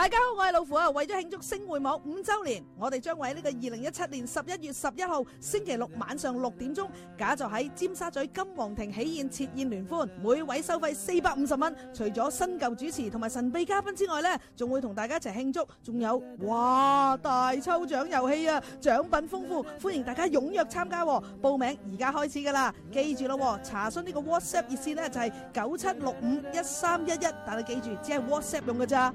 大家好，我係老虎啊！為咗慶祝星匯網五周年，我哋將會喺呢個二零一七年十一月十一號星期六晚上六點鐘假座喺尖沙咀金皇庭喜宴設宴聯歡，每位收費四百五十蚊。除咗新舊主持同埋神秘嘉賓之外咧，仲會同大家一齊慶祝，仲有哇大抽獎遊戲啊！獎品豐富，歡迎大家踊躍參加。報名而家開始噶啦，記住咯，查詢呢個 WhatsApp 熱線咧就係九七六五一三一一，但係記住只係 WhatsApp 用噶咋。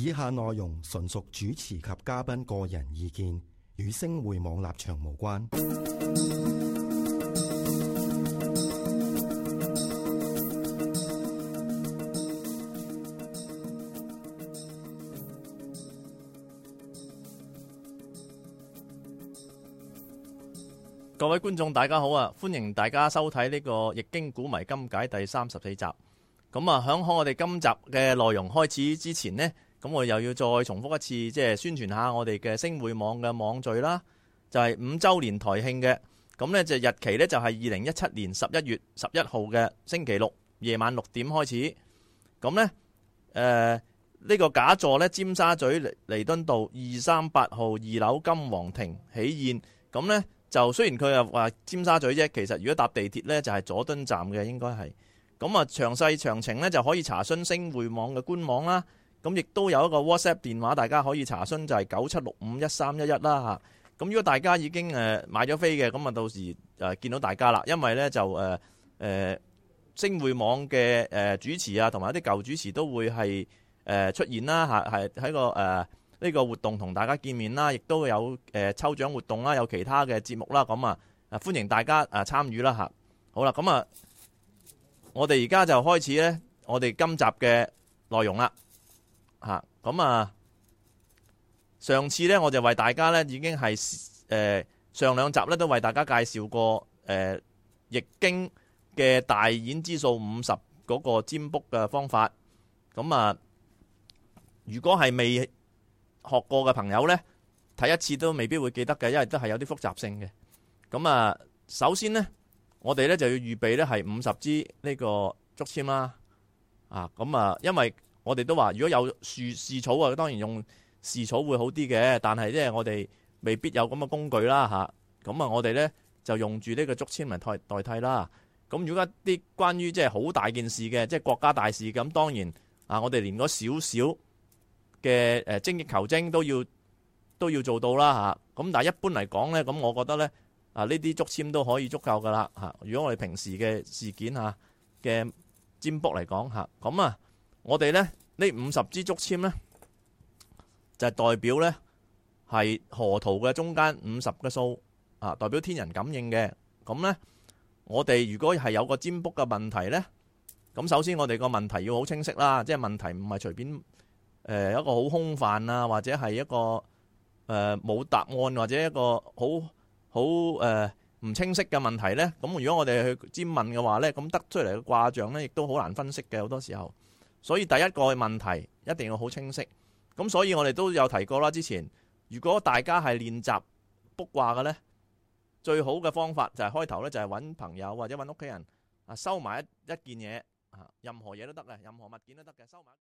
以下內容純屬主持及嘉賓個人意見，與星匯網立場無關。各位觀眾，大家好啊！歡迎大家收睇呢個《易經古謎今解》第三十四集。咁啊，響開我哋今集嘅內容開始之前呢。咁我又要再重複一次，即係宣傳下我哋嘅星匯網嘅網聚啦，就係、是、五周年台慶嘅。咁呢就日期呢，就係二零一七年十一月十一號嘅星期六夜晚六點開始。咁呢，誒、呃、呢、這個假座呢，尖沙咀彌敦道二三八號二樓金皇庭喜宴。咁呢，就雖然佢又話尖沙咀啫，其實如果搭地鐵呢，就係佐敦站嘅，應該係。咁啊，詳細詳情呢，就可以查詢星匯網嘅官網啦。咁亦都有一個 WhatsApp 電話，大家可以查詢，就係九七六五一三一一啦吓。咁如果大家已經買咗飛嘅，咁啊到時見到大家啦，因為咧就誒誒、呃、星匯網嘅主持啊，同埋一啲舊主持都會係、呃、出現啦吓，係喺個呢、呃呢個活動同大家見面啦，亦都有抽獎活動啦，有其他嘅節目啦，咁啊歡迎大家誒參與啦吓。好啦，咁啊，我哋而家就開始咧，我哋今集嘅內容啦。吓，咁啊，上次咧我就為大家咧已經係誒、呃、上兩集咧都為大家介紹過誒、呃、易經嘅大演之數五十嗰個占卜嘅方法。咁、嗯、啊，如果係未學過嘅朋友咧，睇一次都未必會記得嘅，因為都係有啲複雜性嘅。咁、嗯、啊，首先呢，我哋咧就要預備咧係五十支呢個竹籤啦。啊，咁、嗯、啊，因為。我哋都話，如果有樹試草，草啊，啊，事、就是、事啊，當然用試草會好啲嘅。但係即我哋未必有咁嘅工具啦，咁啊，我哋咧就用住呢個竹籤嚟代代替啦。咁如果一啲關於即係好大件事嘅，即係國家大事咁，當然啊，我哋連嗰少少嘅誒精益求精都要都要做到啦，咁、啊、但一般嚟講咧，咁我覺得咧啊，呢啲竹籤都可以足夠噶啦，如果我哋平時嘅事件嚇嘅、啊、占卜嚟講咁啊。我哋呢呢五十支竹籤呢，就代表呢係河圖嘅中間五十嘅數啊，代表天人感應嘅。咁呢，我哋如果係有個占卜嘅問題呢，咁首先我哋個問題要好清晰啦，即係問題唔係隨便誒、呃、一個好空泛啊，或者係一個誒冇、呃、答案或者一個好好誒唔清晰嘅問題呢。咁如果我哋去占問嘅話呢，咁得出嚟嘅卦象呢，亦都好難分析嘅。好多時候。所以第一個問題一定要好清晰，咁所以我哋都有提過啦。之前如果大家係練習卜卦嘅呢，最好嘅方法就係、是、開頭呢，就係揾朋友或者揾屋企人啊，收埋一一件嘢啊，任何嘢都得嘅，任何物件都得嘅，收埋。